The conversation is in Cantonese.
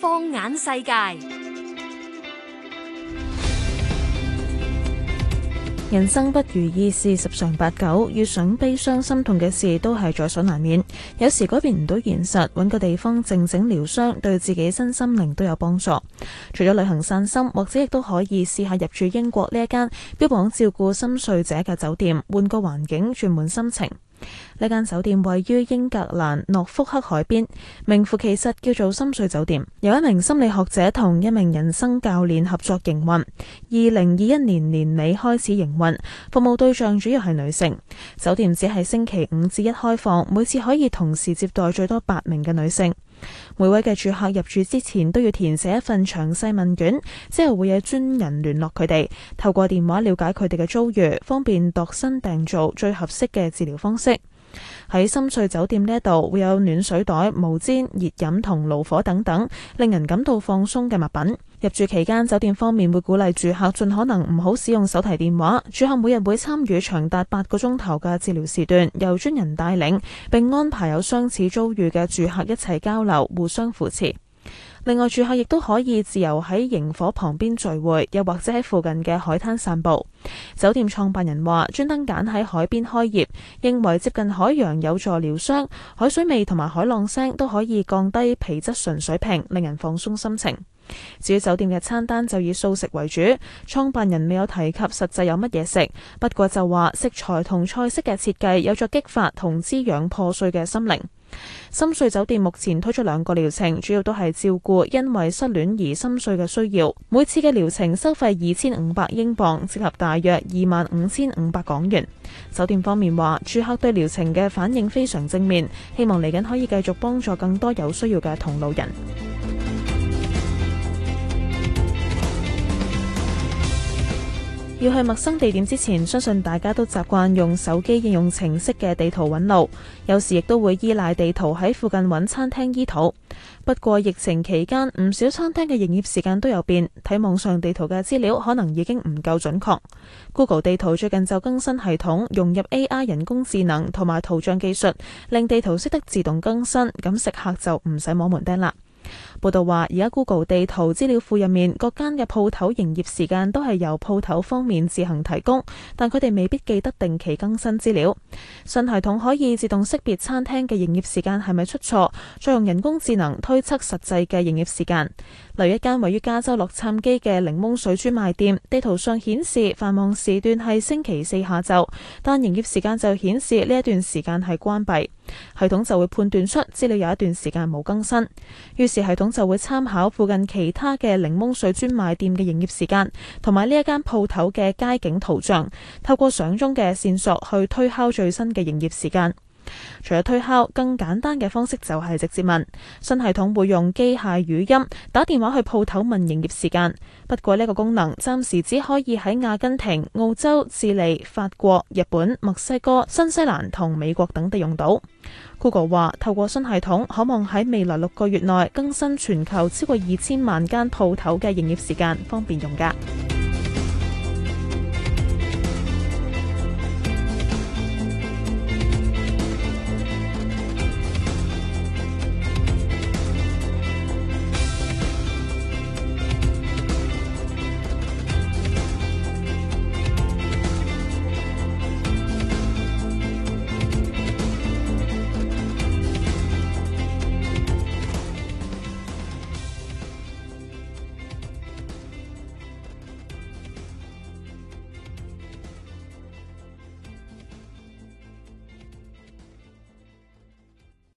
放眼世界，人生不如意事十常八九，遇上悲傷心痛嘅事都係在所難免。有時改變唔到現實，揾個地方靜靜療傷，對自己身心靈都有幫助。除咗旅行散心，或者亦都可以試下入住英國呢一間標榜照顧心碎者嘅酒店，換個環境，轉換心情。呢間酒店位於英格蘭諾福克海邊，名副其實叫做深水酒店。由一名心理學者同一名人生教練合作營運。二零二一年年尾開始營運，服務對象主要係女性。酒店只係星期五至一開放，每次可以同時接待最多八名嘅女性。每位嘅住客入住之前都要填寫一份詳細問卷，之後會有專人聯絡佢哋，透過電話了解佢哋嘅遭遇，方便度身訂造最合適嘅治療方式。喺深水酒店呢一度會有暖水袋、毛氈、熱飲同爐火等等，令人感到放鬆嘅物品。入住期間，酒店方面會鼓勵住客盡可能唔好使用手提電話。住客每日會參與長達八個鐘頭嘅治療時段，由專人帶領，並安排有相似遭遇嘅住客一齊交流，互相扶持。另外，住客亦都可以自由喺營火旁邊聚會，又或者喺附近嘅海灘散步。酒店創辦人話：專登揀喺海邊開業，認為接近海洋有助療傷，海水味同埋海浪聲都可以降低皮質醇水平，令人放鬆心情。至於酒店嘅餐單就以素食為主，創辦人未有提及實際有乜嘢食。不過就話食材同菜式嘅設計有助激發同滋養破碎嘅心靈。心碎酒店目前推出兩個療程，主要都係照顧因為失戀而心碎嘅需要。每次嘅療程收費二千五百英鎊，折合大約二萬五千五百港元。酒店方面話住客對療程嘅反應非常正面，希望嚟緊可以繼續幫助更多有需要嘅同路人。要去陌生地點之前，相信大家都習慣用手機應用程式嘅地圖揾路，有時亦都會依賴地圖喺附近揾餐廳醫肚。不過疫情期間，唔少餐廳嘅營業時間都有變，睇網上地圖嘅資料可能已經唔夠準確。Google 地圖最近就更新系統，融入 AI 人工智能同埋圖像技術，令地圖識得自動更新，咁食客就唔使摸門釘啦。報道話：而家 Google 地圖資料庫入面各間嘅鋪頭營業時間都係由鋪頭方面自行提供，但佢哋未必記得定期更新資料。新系統可以自動識別餐廳嘅營業時間係咪出錯，再用人工智能推測實際嘅營業時間。例如一間位於加州洛杉磯嘅檸檬水專賣店，地圖上顯示繁忙時段係星期四下晝，但營業時間就顯示呢一段時間係關閉。系統就會判斷出資料有一段時間冇更新，於是系統就會參考附近其他嘅檸檬水專賣店嘅營業時間，同埋呢一間鋪頭嘅街景圖像，透過相中嘅線索去推敲最新嘅營業時間。除咗推敲，更簡單嘅方式就係直接問。新系統會用機械語音打電話去鋪頭問營業時間。不過呢個功能暫時只可以喺阿根廷、澳洲、智利、法國、日本、墨西哥、新西蘭同美國等地用到。Google 話透過新系統，可望喺未來六個月內更新全球超過二千萬間鋪頭嘅營業時間，方便用㗎。